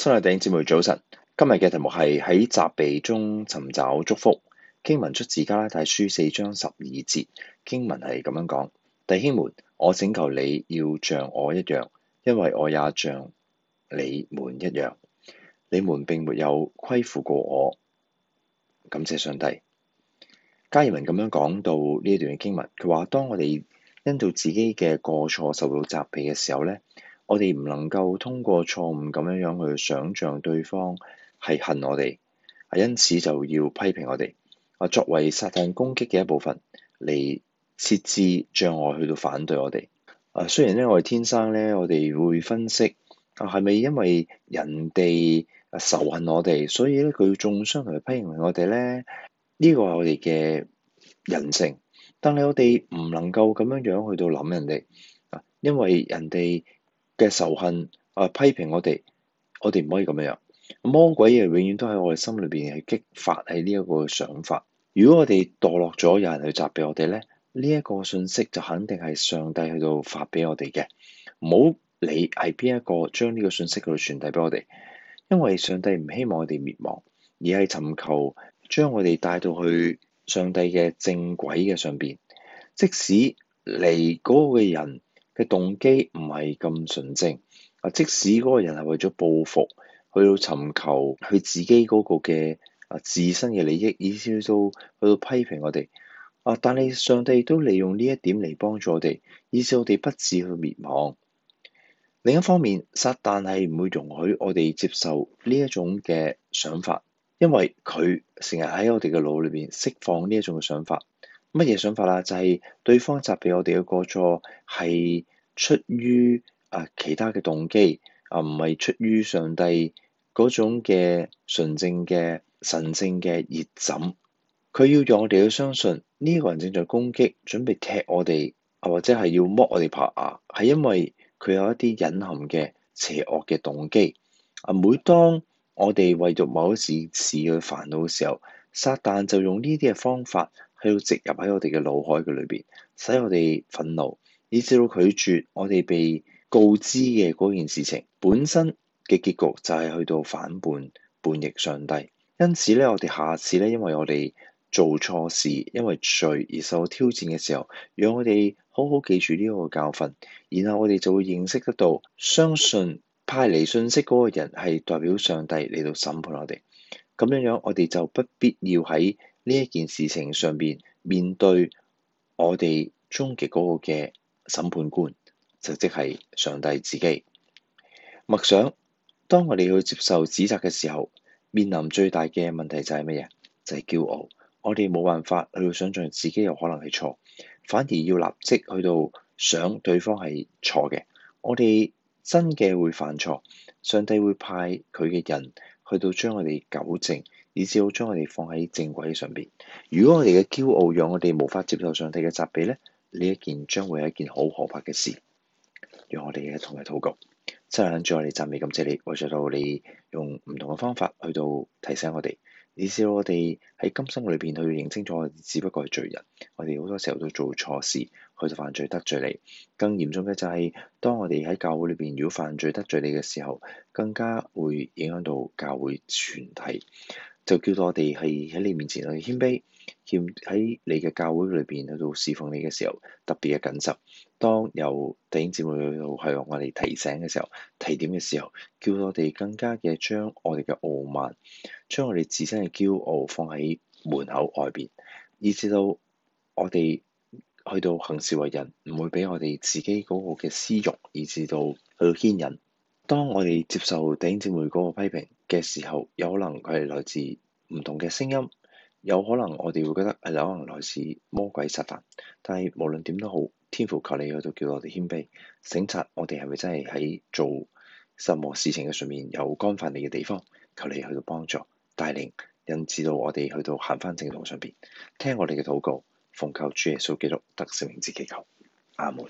親愛嘅弟兄姊妹早晨，今日嘅題目係喺責備中尋找祝福。經文出自《加拉太書》四章十二節，經文係咁樣講：弟兄們，我請求你要像我一樣，因為我也像你們一樣，你們並沒有虧負過我。感謝上帝，加爾文咁樣講到呢一段嘅經文，佢話：當我哋因到自己嘅過錯受到責備嘅時候咧。我哋唔能夠通過錯誤咁樣樣去想象對方係恨我哋，啊，因此就要批評我哋啊，作為撒旦攻擊嘅一部分嚟設置障礙去到反對我哋。啊，雖然咧我哋天生咧，我哋會分析啊，係咪因為人哋仇恨我哋，所以咧佢中傷同批評我哋咧？呢個係我哋嘅人性，但係我哋唔能夠咁樣樣去到諗人哋啊，因為人哋。嘅仇恨啊、呃，批評我哋，我哋唔可以咁樣樣。魔鬼啊，永遠都喺我哋心裏邊，係激發喺呢一個想法。如果我哋墮落咗，有人去責備我哋咧，呢、這、一個信息就肯定係上帝去度發俾我哋嘅。唔好理係邊一個將呢個信息去傳遞俾我哋，因為上帝唔希望我哋滅亡，而係尋求將我哋帶到去上帝嘅正軌嘅上邊。即使嚟嗰個人。嘅動機唔係咁純正啊！即使嗰個人係為咗報復，去到尋求佢自己嗰個嘅啊自身嘅利益，以至去到去到批評我哋啊！但係上帝都利用呢一點嚟幫助我哋，以至我哋不至去滅亡。另一方面，撒旦係唔會容許我哋接受呢一種嘅想法，因為佢成日喺我哋嘅腦裏邊釋放呢一種嘅想法。乜嘢想法啦？就係、是、對方責備我哋嘅過錯，係出於啊其他嘅動機，啊唔係出於上帝嗰種嘅純正嘅神聖嘅熱忱。佢要讓我哋去相信呢、這個人正在攻擊，準備踢我哋，啊或者係要剝我哋拍牙，係因為佢有一啲隱含嘅邪惡嘅動機。啊，每當我哋為咗某一件事去煩惱嘅時候，撒旦就用呢啲嘅方法。去到植入喺我哋嘅腦海嘅裏邊，使我哋憤怒，以至到拒絕我哋被告知嘅嗰件事情本身嘅結局就係去到反叛叛逆上帝。因此咧，我哋下次咧，因為我哋做錯事，因為罪而受到挑戰嘅時候，讓我哋好好記住呢個教訓，然後我哋就會認識得到，相信派嚟信息嗰個人係代表上帝嚟到審判我哋。咁樣樣，我哋就不必要喺呢一件事情上面面對我哋終極嗰個嘅審判官，就即係上帝自己。默想，當我哋去接受指責嘅時候，面臨最大嘅問題就係乜嘢？就係驕傲。我哋冇辦法去想象自己有可能係錯，反而要立即去到想對方係錯嘅。我哋真嘅會犯錯，上帝會派佢嘅人，去到將我哋糾正，以至好將我哋放喺正軌上邊。如果我哋嘅驕傲讓我哋無法接受上帝嘅責備咧，呢一件將會係一件好可怕嘅事。讓我哋一同埋禱告。真係諗住我哋讚美，感謝你，為咗到你用唔同嘅方法去到提醒我哋，以致我哋喺今生裏邊去認清楚，我哋只不過係罪人。我哋好多時候都做錯事，去到犯罪得罪你。更嚴重嘅就係，當我哋喺教會裏邊，如果犯罪得罪你嘅時候，更加會影響到教會全體。就叫到我哋係喺你面前去謙卑，兼喺你嘅教會裏邊喺度侍奉你嘅時候特別嘅謹慎。當由弟兄姊妹去到係我哋提醒嘅時候，提點嘅時候，叫我哋更加嘅將我哋嘅傲慢，將我哋自身嘅驕傲放喺門口外邊，以至到我哋去到行事為人，唔會俾我哋自己嗰個嘅私欲，以至到去到牽引。當我哋接受頂尖姊妹嗰個批評嘅時候，有可能佢係來自唔同嘅聲音，有可能我哋會覺得係可能來自魔鬼撒但。但係無論點都好，天父求你去到叫我哋謙卑省察，我哋係咪真係喺做什麼事情嘅上面有干犯你嘅地方？求你去到幫助帶領引致到我哋去到行返正道上面，聽我哋嘅禱告，奉靠主耶穌基督得勝名字祈求，阿門。